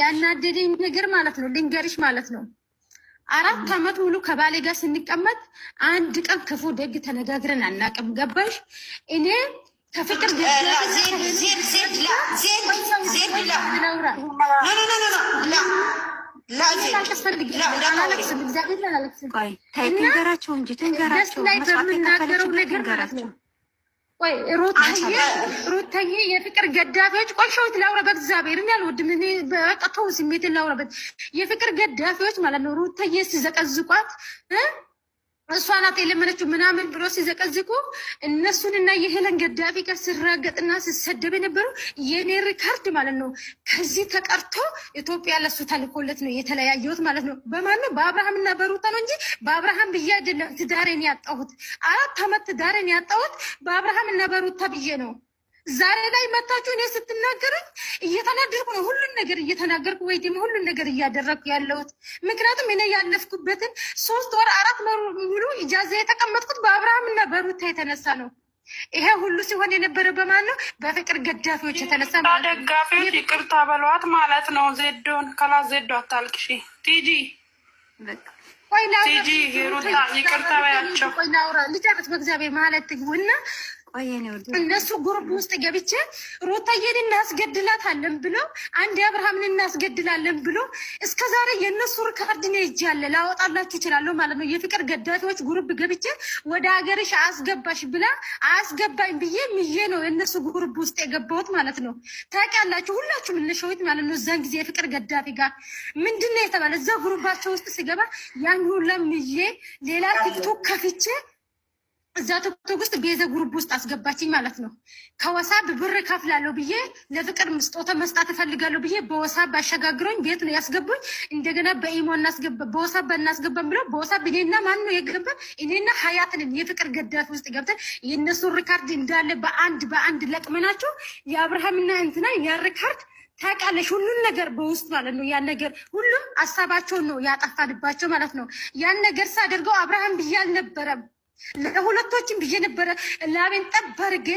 ያናደደኝ ነገር ማለት ነው ልንገርሽ ማለት ነው አራት አመት ሙሉ ከባሌ ጋር ስንቀመጥ አንድ ቀን ክፉ ደግ ተነጋግረን አናውቅም። ገባሽ? እኔ ከፍቅር ደስ ላይ በምናገረው ነገር ማለት ነው ወይ ሩታዬ ሩታዬ የፍቅር ገዳፊዎች ቆይሾት ላውራ በእግዚአብሔር እኔ አልወድም። እኔ በቃ ተው ስሜትን ላውራበት የፍቅር ገዳፊዎች ማለት ነው። ሩታዬ ሲዘቀዝቋት እሷ ናት የለመነችው ምናምን ብሎ ሲዘቀዝቁ እና የሄለን ገዳፊ ጋር ሲራገጥና ሲሰደብ የነበረው የኔ ሪካርድ ማለት ነው። ከዚህ ተቀርቶ ኢትዮጵያ ለሱ ተልኮለት ነው የተለያየሁት ማለት ነው። በማን ነው? እና በሩታ ነው እንጂ በአብርሃም ብዬ አይደለም ትዳሬን ያጣሁት። አራት ዓመት ትዳሬን ያጣሁት እና በሩታ ብዬ ነው። ዛሬ ላይ መታችሁ እኔ ስትናገረኝ እየተናደርኩ ነው። ሁሉን ነገር እየተናገርኩ ወይ ደግሞ ሁሉን ነገር እያደረግኩ ያለሁት ምክንያቱም እኔ ያለፍኩበትን ሶስት ወር አራት ሙሉ ኢጃዛ የተቀመጥኩት በአብርሃም በአብርሃምና በሩታ የተነሳ ነው። ይሄ ሁሉ ሲሆን የነበረ በማን ነው? በፍቅር ገዳፊዎች የተነሳ ነው። ደጋፊዎች ይቅርታ በሏት ማለት ነው። ዜዶን ከላ ዜዶ አታልቅሺ ቲጂ ቆይ ቲጂ ሩታ ይቅርታ በያቸው ቆይ ላውራ ልጨርስ በእግዚአብሔር ማለት እና እነሱ ጉሩብ ውስጥ ገብቼ ሩታዬን እናስገድላታለን ብሎ አንድ አብርሃምን እናስገድላለን ብሎ እስከ ዛሬ የእነሱ ሪካርድ ነው ይጃለ ላወጣላችሁ ይችላለሁ ማለት ነው። የፍቅር ገዳፊዎች ጉሩብ ገብቼ ወደ ሀገርሽ አስገባሽ ብላ አስገባኝ ብዬ ምዬ ነው የእነሱ ጉሩብ ውስጥ የገባሁት ማለት ነው። ታውቂያላችሁ ሁላችሁም እነሸዊት ማለት ነው። እዛን ጊዜ የፍቅር ገዳፊ ጋር ምንድን ነው የተባለ እዛ ጉሩባቸው ውስጥ ስገባ ያን ሁላ ምዬ ሌላ ቲክቶክ ከፍቼ እዛ ቶክቶክ ውስጥ ቤዘ ጉርብ ውስጥ አስገባችኝ ማለት ነው። ከወሳብ ብር ከፍላለሁ ብዬ ለፍቅር ስጦታ መስጣት እፈልጋለሁ ብዬ በወሳብ አሸጋግሮኝ ቤት ነው ያስገቡኝ። እንደገና በኢሞ እናስገባ በወሳብ እናስገባም ብለው በወሳብ እኔና ማን ነው የገባ? እኔና ሀያትንን የፍቅር ገዳፊ ውስጥ ገብተን የእነሱን ሪካርድ እንዳለ በአንድ በአንድ ለቅመናቸው የአብርሃምና እንትና ያ ሪካርድ ታውቃለሽ ሁሉን ነገር በውስጥ ማለት ነው። ያን ነገር ሁሉም ሀሳባቸውን ነው ያጠፋልባቸው ማለት ነው። ያን ነገር ሳደርገው አብርሃም ብዬ አልነበረም ለሁለቶችም ብዬ ነበረ ላቤን ጠብ አድርጌ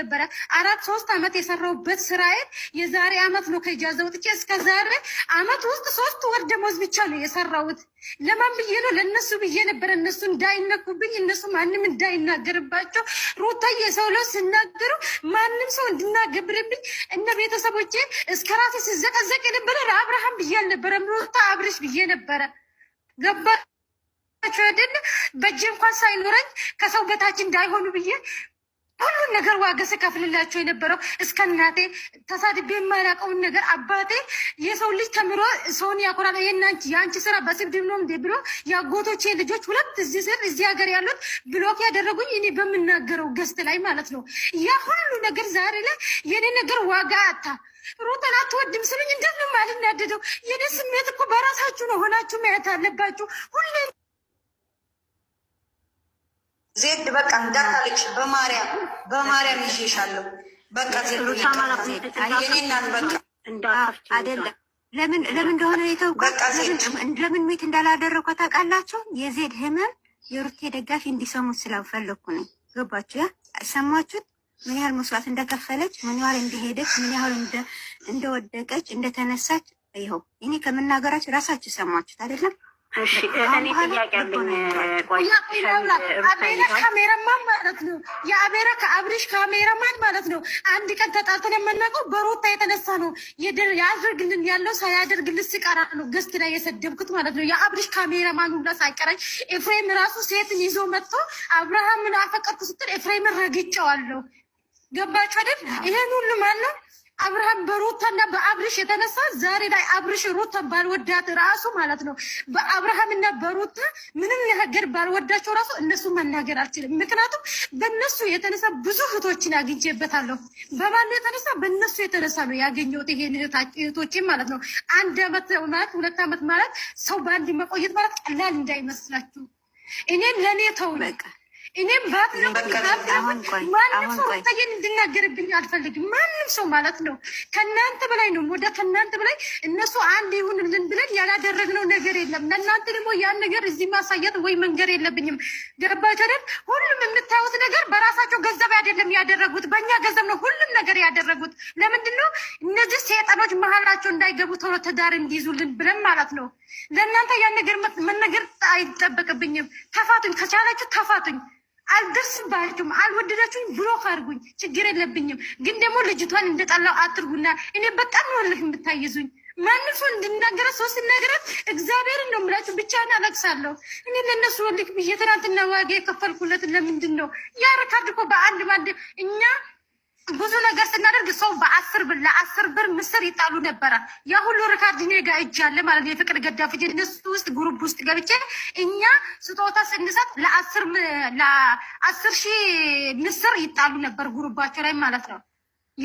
ነበረ። አራት ሶስት አመት የሰራሁበት ስራዬን የዛሬ አመት ነው ከኢጃዛ ወጥቼ እስከ ዛሬ አመት ውስጥ ሶስት ወር ደሞዝ ብቻ ነው የሰራሁት። ለማን ብዬ ነው? ለእነሱ ብዬ ነበረ፣ እነሱ እንዳይነኩብኝ፣ እነሱ ማንም እንዳይናገርባቸው። ሩታ የሰው ለው ስናገሩ ማንም ሰው እንድናገብርብኝ እነ ቤተሰቦቼ እስከ ራሴ ስዘቀዘቅ የነበረ አብርሃም ብዬ አልነበረም፣ ሩታ አብርሽ ብዬ ነበረ ገባ ናቸው አይደለ? በእጅ እንኳን ሳይኖረኝ ከሰው በታች እንዳይሆኑ ብዬ ሁሉን ነገር ዋጋ ስከፍልላቸው የነበረው እስከ እናቴ ተሳድቤ የማላውቀውን ነገር አባቴ የሰው ልጅ ተምሮ ሰውን ያኮራል። የአንቺ ስራ በስድብ ነው እንዴ ብሎ የአጎቶቼ ልጆች ሁለት እዚህ ስር እዚህ ሀገር ያሉት ብሎክ ያደረጉኝ እኔ በምናገረው ገስት ላይ ማለት ነው። ያ ሁሉ ነገር ዛሬ ላይ የኔ ነገር ዋጋ አታ ሩጠን አትወድም ስሉኝ እንደምን አልናደደው። የኔ ስሜት እኮ በራሳችሁ ነው ሆናችሁ ማየት አለባችሁ ሁሌ ዜድ በቃ እንዳታለቅሽ፣ በማርያም በማርያም ይዤሻለሁ። በቃ ዜድየኔናን በቃ ለምን ለምን እንደሆነ የተውኩት ለምን ሚት እንዳላደረኩ ታውቃላችሁ? የዜድ ህመም የሩቴ ደጋፊ እንዲሰሙ ስላልፈለግኩ ነው። ገባችሁ? ያ ሰማችሁት? ምን ያህል መስዋዕት እንደከፈለች፣ ምን ያህል እንደሄደች፣ ምን ያህል እንደወደቀች፣ እንደተነሳች። ይኸው እኔ ከምናገራችሁ ራሳችሁ ሰማችሁት አይደለም? እሺ እኔ ጥያቄ አለኝ። ካሜራማን ማለት ነው። የአቤራ ከአብሪሽ ካሜራማን ማለት ነው። አንድ ቀን ተጣልተን የምናውቀው በሮታ የተነሳ ነው። ያደርግልን ያለው ሳያደርግልን ሲቀራ ነው ገስት ላይ የሰደብኩት ማለት ነው። የአብሪሽ ካሜራማን ሁላ ሳይቀረኝ ኤፍሬም ራሱ ሴትን ይዞ መጥቶ አብርሃምን አፈቀርኩ ስትል ኤፍሬምን ረግጬዋለሁ። ገባችሁ አይደል? ይሄን ሁሉ ማለት ነው አብርሃም በሩታና በአብርሽ የተነሳ ዛሬ ላይ አብርሽ ሩታ ባልወዳት ራሱ ማለት ነው። በአብርሃምና በሩታ ምንም ነገር ባልወዳቸው ራሱ እነሱ መናገር አልችልም። ምክንያቱም በነሱ የተነሳ ብዙ እህቶችን አግኝቼበታለሁ። በማን የተነሳ? በነሱ የተነሳ ነው ያገኘሁት ይሄን እህቶችን ማለት ነው። አንድ አመት ማለት ሁለት አመት ማለት ሰው በአንድ መቆየት ማለት ቀላል እንዳይመስላችሁ። እኔም ለእኔ ተው በቃ እኔም ማንም ሰው ሩታዬን እንድናገርብኝ አልፈልግም። ማንም ሰው ማለት ነው ከእናንተ በላይ ነው ወደ ከእናንተ በላይ እነሱ አንድ ይሁንልን ብለን ያላደረግነው ነገር የለም። ለእናንተ ደግሞ ያን ነገር እዚህ ማሳየት ወይ መንገር የለብኝም። ገባተንም ሁሉም የምታዩት ነገር በራሳቸው ገንዘብ አይደለም ያደረጉት፣ በእኛ ገንዘብ ነው ሁሉም ነገር ያደረጉት። ለምንድን ነው እነዚህ ሰይጣኖች መሀላቸው እንዳይገቡ ተብሎ ትዳር እንዲይዙልን ብለን ማለት ነው ለእናንተ ያን ነገር መነገር አይጠበቅብኝም። ተፋቱኝ፣ ከቻላችሁ ተፋቱኝ። አልደርስባችሁም፣ አልወደዳችሁኝ፣ ብሎክ ካርጉኝ ችግር የለብኝም። ግን ደግሞ ልጅቷን እንደጠላው አትርጉና፣ እኔ በጣም ወልህ የምታይዙኝ ማንፎ እንድናገረ ሶስት ሲናገረት እግዚአብሔር ምላችሁ ብቻህን አለቅሳለሁ። እኔ ለእነሱ ወልክ ብዬ ትናንትና ዋጋ የከፈልኩለት ለምንድን ነው? ያ ሪካርድ በአንድ ማድ እኛ ብዙ ነገር ስናደርግ ሰው በአስር ብር ለአስር ብር ምስር ይጣሉ ነበረ። የሁሉ ሪካርድ እኔ ጋር እጅ አለ ማለት ነው። የፍቅር ገዳፍ እነሱ ውስጥ ግሩፕ ውስጥ ገብቼ እኛ ስጦታ ስንሰጥ ለአስር ሺህ ምስር ይጣሉ ነበር ጉሩባቸው ላይ ማለት ነው።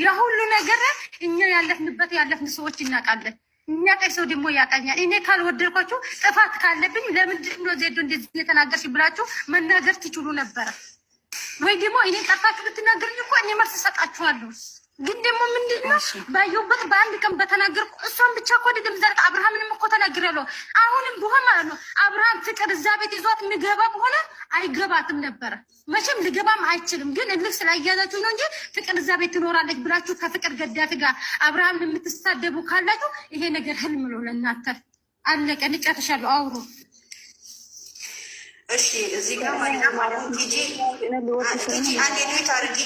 የሁሉ ነገር እኛ ያለፍንበት ያለፍን ሰዎች እናውቃለን። የሚያቀኝ ሰው ደግሞ ያቀኛል። እኔ ካልወደድኳችሁ ጥፋት ካለብኝ ለምንድን ነው ዜዶ እንደዚህ የተናገርሽ ብላችሁ መናገር ትችሉ ነበረ። ወይ ደግሞ እኔ ጠርታችሁ ብትናገርኝ እኮ እኔ መልስ እሰጣችኋለሁ። ግን ደግሞ ምንድን ነው ባየሁበት በአንድ ቀን በተናገርኩ እሷን ብቻ እኮ ደም ዘርቅ አብርሃምንም እኮ ተናግሬያለሁ። አሁንም ብሆን ማለት ነው አብርሃም ፍቅር እዛ ቤት ይዟት ምገባ በሆነ አይገባትም ነበረ። መቼም ልገባም አይችልም። ግን እልፍ ስላያዛችሁ ነው እንጂ ፍቅር እዛ ቤት ትኖራለች ብላችሁ ከፍቅር ገዳት ጋር አብርሃምን የምትሳደቡ ካላችሁ ይሄ ነገር ህልም ነው ለእናንተ። አለቀ። ንጫ ተሻሉ አውሩ እሺ እዚህ ጋር ማለት አሁን ቲጂ ቲጂ አንዴ ኒት አድርጊ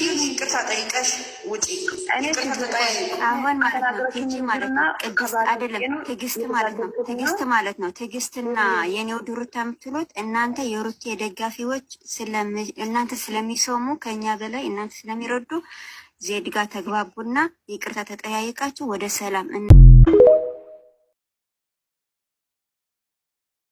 ቲጂ ይቅርታ ጠይቀሽ ውጪ። አሁን ማለት ቲጂ ማለት ነው አይደለም ትዕግስት ማለት ነው ትዕግስት ማለት ነው ትዕግስትና የኔው ዱርታ የምትሉት እናንተ የሩቴ ደጋፊዎች እናንተ ስለሚሰሙ ከኛ በላይ እናንተ ስለሚረዱ ዜድጋ ተግባቡና ይቅርታ ተጠያይቃችሁ ወደ ሰላም